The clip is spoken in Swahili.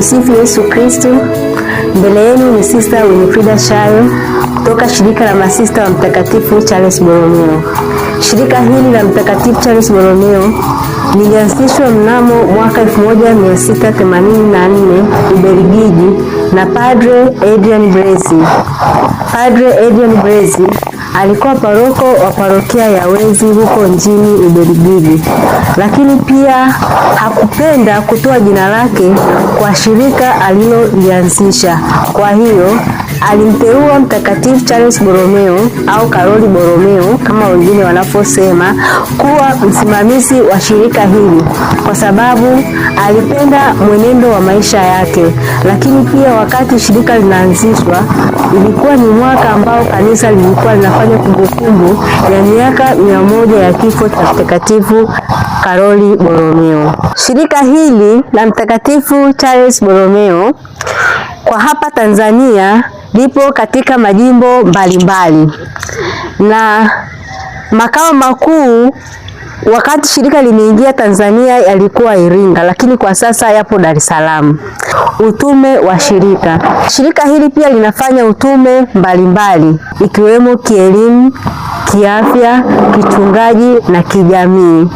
Tumsifu Yesu Kristo. Mbele yenu ni Sista Winifrida Shayo kutoka shirika la masista wa Mtakatifu Charles boromeo Shirika hili la Mtakatifu Charles boromeo lilianzishwa mnamo mwaka 1684 Ubelgiji na Padre Adrian Brezi. Padre Adrian Brezi Alikuwa paroko wa parokia ya Wezi huko nchini Ubelgiji, lakini pia hakupenda kutoa jina lake kwa shirika alilolianzisha. Kwa hiyo Alimteua Mtakatifu Charles Borromeo au Karoli Borromeo kama wengine wanavyosema kuwa msimamizi wa shirika hili kwa sababu alipenda mwenendo wa maisha yake. Lakini pia wakati shirika linaanzishwa, ilikuwa ni mwaka ambao kanisa lilikuwa linafanya kumbukumbu ya miaka mia moja ya kifo cha Mtakatifu Karoli Borromeo. Shirika hili la Mtakatifu Charles Borromeo kwa hapa Tanzania lipo katika majimbo mbalimbali mbali. Na makao makuu wakati shirika limeingia Tanzania yalikuwa Iringa, lakini kwa sasa yapo Dar es Salaam. Utume wa shirika. Shirika hili pia linafanya utume mbalimbali ikiwemo kielimu, kiafya, kichungaji na kijamii.